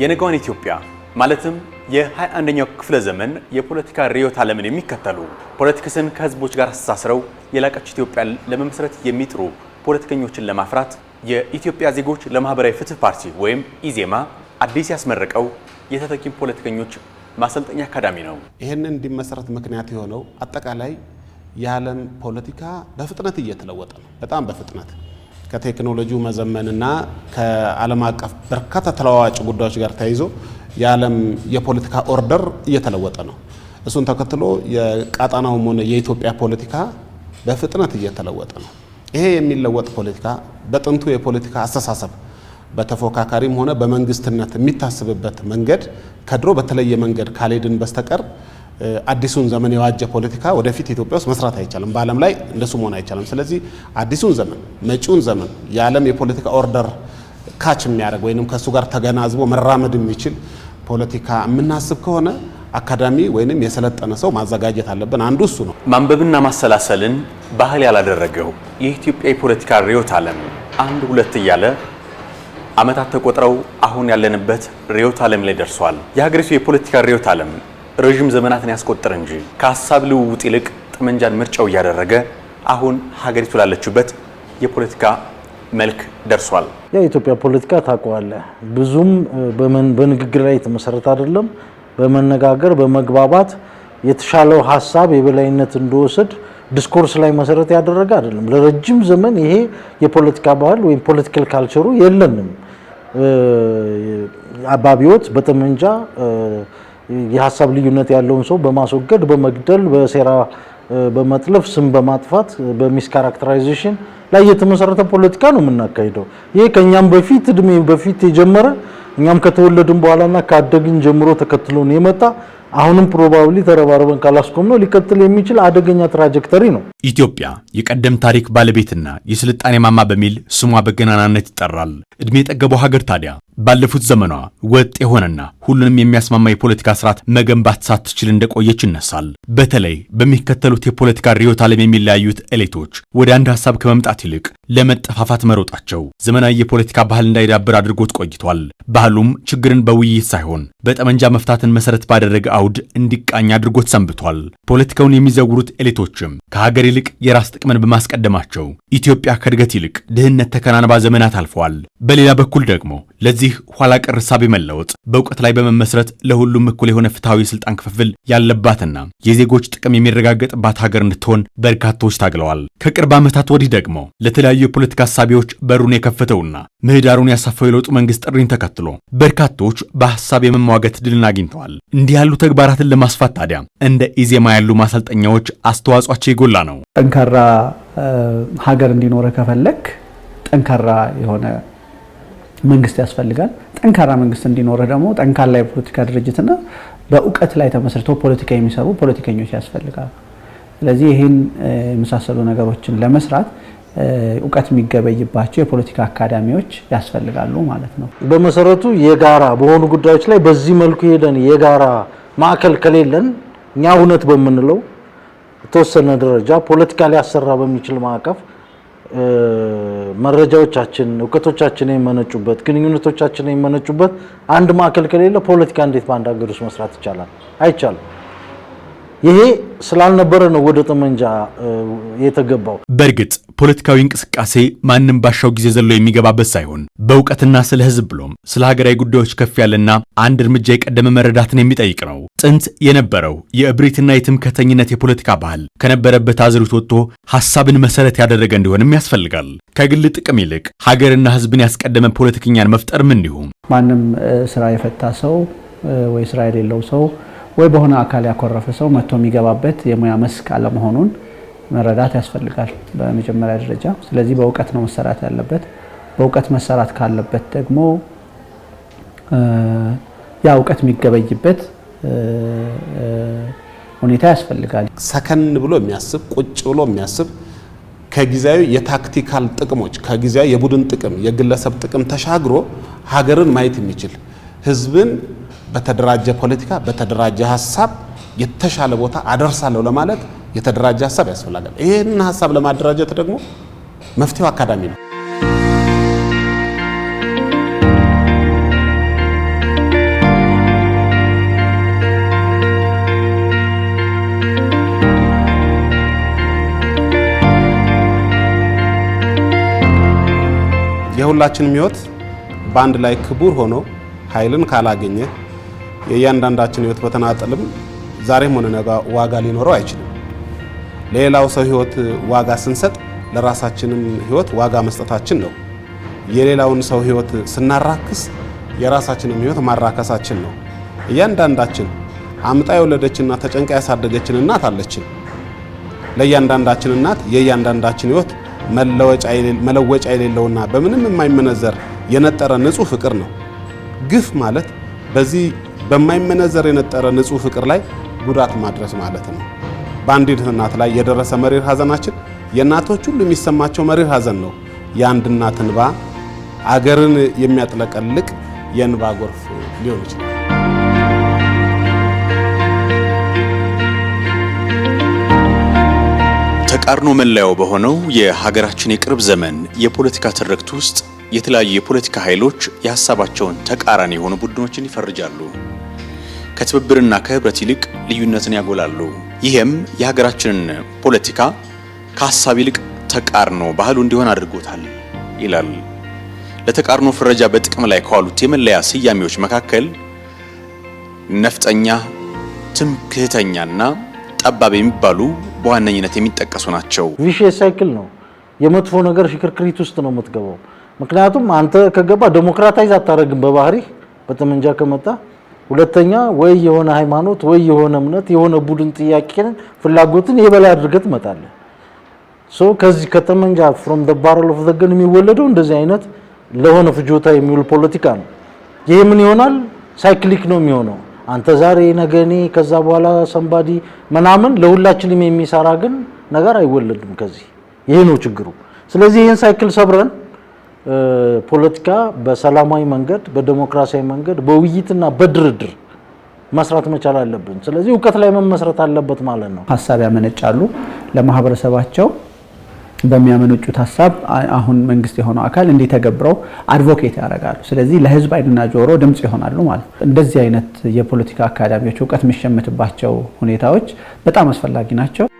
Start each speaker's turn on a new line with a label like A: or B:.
A: የነገዋን ኢትዮጵያ ማለትም የ21ኛው ክፍለ ዘመን የፖለቲካ ርዕዮተ ዓለምን የሚከተሉ ፖለቲክስን ከህዝቦች ጋር አስተሳስረው የላቀች ኢትዮጵያን ለመመስረት የሚጥሩ ፖለቲከኞችን ለማፍራት የኢትዮጵያ ዜጎች ለማህበራዊ ፍትህ ፓርቲ ወይም ኢዜማ አዲስ ያስመረቀው የተተኪ ፖለቲከኞች ማሰልጠኛ አካዳሚ ነው።
B: ይህንን እንዲመሰረት ምክንያት የሆነው አጠቃላይ የዓለም ፖለቲካ በፍጥነት እየተለወጠ ነው። በጣም በፍጥነት ከቴክኖሎጂው መዘመንና ከዓለም አቀፍ በርካታ ተለዋዋጭ ጉዳዮች ጋር ተያይዞ የዓለም የፖለቲካ ኦርደር እየተለወጠ ነው። እሱን ተከትሎ የቀጣናውም ሆነ የኢትዮጵያ ፖለቲካ በፍጥነት እየተለወጠ ነው። ይሄ የሚለወጥ ፖለቲካ በጥንቱ የፖለቲካ አስተሳሰብ በተፎካካሪም ሆነ በመንግስትነት የሚታስብበት መንገድ ከድሮ በተለየ መንገድ ካልሄድን በስተቀር አዲሱን ዘመን የዋጀ ፖለቲካ ወደፊት ኢትዮጵያ ውስጥ መስራት አይቻልም። በዓለም ላይ እንደሱ መሆን አይቻልም። ስለዚህ አዲሱን ዘመን መጪውን ዘመን የዓለም የፖለቲካ ኦርደር ካች የሚያደርግ ወይም ከእሱ ጋር ተገናዝቦ መራመድ የሚችል ፖለቲካ የምናስብ ከሆነ አካዳሚ ወይም የሰለጠነ ሰው ማዘጋጀት አለብን። አንዱ እሱ ነው።
A: ማንበብና ማሰላሰልን ባህል ያላደረገው የኢትዮጵያ የፖለቲካ ርዕዮተ ዓለም አንድ ሁለት እያለ ዓመታት ተቆጥረው አሁን ያለንበት ርዕዮተ ዓለም ላይ ደርሷል። የሀገሪቱ የፖለቲካ ርዕዮተ ዓለም ረዥም ዘመናትን ያስቆጠረ እንጂ ከሀሳብ ልውውጥ ይልቅ ጠመንጃን ምርጫው እያደረገ አሁን ሀገሪቱ ላለችበት የፖለቲካ መልክ ደርሷል።
B: የኢትዮጵያ ፖለቲካ ታውቀዋለህ፣ ብዙም በንግግር ላይ የተመሰረተ አይደለም። በመነጋገር በመግባባት የተሻለው ሀሳብ የበላይነት እንደወሰድ ዲስኮርስ ላይ መሰረት ያደረገ አይደለም። ለረጅም ዘመን ይሄ የፖለቲካ ባህል ወይም ፖለቲካል ካልቸሩ የለንም። አባቢዎት በጠመንጃ የሀሳብ ልዩነት ያለውን ሰው በማስወገድ በመግደል፣ በሴራ በመጥለፍ፣ ስም በማጥፋት፣ በሚስካራክተራይዜሽን ላይ የተመሰረተ ፖለቲካ ነው የምናካሂደው። ይህ ከእኛም በፊት እድሜ በፊት የጀመረ እኛም ከተወለድን በኋላና ከአደግን ጀምሮ ተከትሎን የመጣ አሁንም ፕሮባብሊ ተረባርበን ካላስቆም ነው ሊቀጥል የሚችል አደገኛ ትራጀክተሪ ነው።
C: ኢትዮጵያ የቀደም ታሪክ ባለቤትና የስልጣኔ ማማ በሚል ስሟ በገናናነት ይጠራል። እድሜ የጠገበው ሀገር ታዲያ ባለፉት ዘመኗ ወጥ የሆነና ሁሉንም የሚያስማማ የፖለቲካ ስርዓት መገንባት ሳትችል እንደቆየች ይነሳል። በተለይ በሚከተሉት የፖለቲካ ርዕዮተ ዓለም የሚለያዩት ኤሊቶች ወደ አንድ ሀሳብ ከመምጣት ይልቅ ለመጠፋፋት መሮጣቸው ዘመናዊ የፖለቲካ ባህል እንዳይዳብር አድርጎት ቆይቷል። ባህሉም ችግርን በውይይት ሳይሆን በጠመንጃ መፍታትን መሰረት ባደረገ አሁ አውድ እንዲቃኝ አድርጎት ሰንብቷል። ፖለቲካውን የሚዘውሩት ኤሊቶችም ከሀገር ይልቅ የራስ ጥቅምን በማስቀደማቸው ኢትዮጵያ ከእድገት ይልቅ ድህነት ተከናንባ ዘመናት አልፈዋል። በሌላ በኩል ደግሞ ለዚህ ኋላ ቀር እሳቤ መለወጥ በእውቀት ላይ በመመስረት ለሁሉም እኩል የሆነ ፍትሐዊ የስልጣን ክፍፍል ያለባትና የዜጎች ጥቅም የሚረጋገጥባት ሀገር እንድትሆን በርካቶች ታግለዋል። ከቅርብ ዓመታት ወዲህ ደግሞ ለተለያዩ የፖለቲካ ሀሳቢዎች በሩን የከፈተውና ምህዳሩን ያሳፈው የለውጡ መንግስት ጥሪን ተከትሎ በርካቶች በሀሳብ የመሟገት ድልን አግኝተዋል። እንዲህ ያሉ ተግባራትን ለማስፋት ታዲያ እንደ ኢዜማ ያሉ ማሰልጠኛዎች አስተዋጽኦቸው የጎላ ነው።
D: ጠንካራ ሀገር እንዲኖረ ከፈለግ ጠንካራ የሆነ መንግስት ያስፈልጋል። ጠንካራ መንግስት እንዲኖረ ደግሞ ጠንካራ የፖለቲካ ድርጅትና በእውቀት ላይ ተመስርቶ ፖለቲካ የሚሰሩ ፖለቲከኞች ያስፈልጋል። ስለዚህ ይህን የመሳሰሉ ነገሮችን ለመስራት እውቀት የሚገበይባቸው የፖለቲካ አካዳሚዎች ያስፈልጋሉ ማለት ነው።
B: በመሰረቱ የጋራ በሆኑ ጉዳዮች ላይ በዚህ መልኩ ሄደን የጋራ ማዕከል ከሌለን እኛ እውነት በምንለው የተወሰነ ደረጃ ፖለቲካ ሊያሰራ በሚችል ማዕቀፍ መረጃዎቻችን፣ እውቀቶቻችን የመነጩበት፣ ግንኙነቶቻችን የመነጩበት አንድ ማዕከል ከሌለ ፖለቲካ እንዴት በአንድ ሀገር ውስጥ መስራት ይቻላል? አይቻልም። ይሄ ስላልነበረ ነው ወደ ጠመንጃ የተገባው።
C: በእርግጥ ፖለቲካዊ እንቅስቃሴ ማንም ባሻው ጊዜ ዘሎ የሚገባበት ሳይሆን በእውቀትና ስለ ሕዝብ ብሎም ስለ ሀገራዊ ጉዳዮች ከፍ ያለና አንድ እርምጃ የቀደመ መረዳትን የሚጠይቅ ነው። ጥንት የነበረው የእብሪትና የትምከተኝነት የፖለቲካ ባህል ከነበረበት አዝርዕት ወጥቶ ሀሳብን መሰረት ያደረገ እንዲሆንም ያስፈልጋል። ከግል ጥቅም ይልቅ ሀገርና ሕዝብን ያስቀደመ ፖለቲከኛን መፍጠርም እንዲሁም
D: ማንም ስራ የፈታ ሰው ወይ ስራ የሌለው ሰው ወይ በሆነ አካል ያኮረፈ ሰው መጥቶ የሚገባበት የሙያ መስክ አለመሆኑን መረዳት ያስፈልጋል በመጀመሪያ ደረጃ። ስለዚህ በእውቀት ነው መሰራት ያለበት። በእውቀት መሰራት ካለበት ደግሞ ያ እውቀት የሚገበይበት ሁኔታ ያስፈልጋል።
B: ሰከን ብሎ የሚያስብ ቁጭ ብሎ የሚያስብ ከጊዜያዊ የታክቲካል ጥቅሞች ከጊዜያዊ የቡድን ጥቅም የግለሰብ ጥቅም ተሻግሮ ሀገርን ማየት የሚችል ህዝብን በተደራጀ ፖለቲካ በተደራጀ ሀሳብ የተሻለ ቦታ አደርሳለሁ ለማለት የተደራጀ ሀሳብ ያስፈልጋል። ይህንን ሀሳብ ለማደራጀት ደግሞ መፍትሄው አካዳሚ ነው። የሁላችንም ሕይወት በአንድ ላይ ክቡር ሆኖ ኃይልን ካላገኘ የእያንዳንዳችን ህይወት በተናጠልም ዛሬም ሆነ ነገ ዋጋ ሊኖረው አይችልም። ለሌላው ሰው ህይወት ዋጋ ስንሰጥ ለራሳችንም ህይወት ዋጋ መስጠታችን ነው። የሌላውን ሰው ህይወት ስናራክስ የራሳችንም ህይወት ማራከሳችን ነው። እያንዳንዳችን አምጣ የወለደችና ተጨንቃ ያሳደገችን እናት አለችን። ለእያንዳንዳችን እናት የእያንዳንዳችን ህይወት መለወጫ የሌለውና በምንም የማይመነዘር የነጠረ ንጹህ ፍቅር ነው። ግፍ ማለት በዚህ በማይመነዘር የነጠረ ንጹህ ፍቅር ላይ ጉዳት ማድረስ ማለት ነው። በአንዲት እናት ላይ የደረሰ መሪር ሐዘናችን የእናቶች ሁሉ የሚሰማቸው መሪር ሐዘን ነው። የአንድ እናት እንባ አገርን የሚያጥለቀልቅ የእንባ ጎርፍ ሊሆን ይችላል።
C: ተቃርኖ መለያው በሆነው የሀገራችን የቅርብ ዘመን የፖለቲካ ትርክት ውስጥ የተለያዩ የፖለቲካ ኃይሎች የሀሳባቸውን ተቃራኒ የሆኑ ቡድኖችን ይፈርጃሉ። ከትብብርና ከህብረት ይልቅ ልዩነትን ያጎላሉ። ይህም የሀገራችንን ፖለቲካ ከሀሳብ ይልቅ ተቃርኖ ባህሉ እንዲሆን አድርጎታል ይላል። ለተቃርኖ ፍረጃ በጥቅም ላይ ከዋሉት የመለያ ስያሜዎች መካከል ነፍጠኛ፣ ትምክህተኛና ጠባብ የሚባሉ በዋነኝነት የሚጠቀሱ ናቸው።
B: ቪሽ ሳይክል ነው። የመጥፎ ነገር ሽክርክሪት ውስጥ ነው የምትገባው። ምክንያቱም አንተ ከገባ ዴሞክራታይዝ አታደርግም። በባህሪህ በጠመንጃ ከመጣ ሁለተኛ ወይ የሆነ ሃይማኖት ወይ የሆነ እምነት የሆነ ቡድን ጥያቄን ፍላጎትን የበላይ አድርገህ ትመጣለህ። ከዚህ ከጠመንጃ ፍሮም ባረል ኦፍ ዘ ገን የሚወለደው እንደዚህ አይነት ለሆነ ፍጆታ የሚውል ፖለቲካ ነው። ይህ ምን ይሆናል? ሳይክሊክ ነው የሚሆነው። አንተ ዛሬ ነገኔ፣ ከዛ በኋላ ሰንባዲ ምናምን ለሁላችንም የሚሰራ ግን ነገር አይወለድም። ከዚህ ይሄ ነው ችግሩ። ስለዚህ ይህን ሳይክል ሰብረን ፖለቲካ በሰላማዊ መንገድ፣ በዴሞክራሲያዊ መንገድ፣ በውይይትና በድርድር መስራት መቻል አለብን። ስለዚህ እውቀት ላይ መመስረት አለበት ማለት ነው።
D: ሀሳብ ያመነጫሉ ለማህበረሰባቸው በሚያመነጩት ሀሳብ አሁን መንግስት የሆነው አካል እንዲተገብረው አድቮኬት ያደርጋሉ። ስለዚህ ለህዝብ አይንና ጆሮ ድምፅ ይሆናሉ ማለት ነው። እንደዚህ አይነት የፖለቲካ አካዳሚዎች እውቀት የሚሸምትባቸው ሁኔታዎች በጣም አስፈላጊ ናቸው።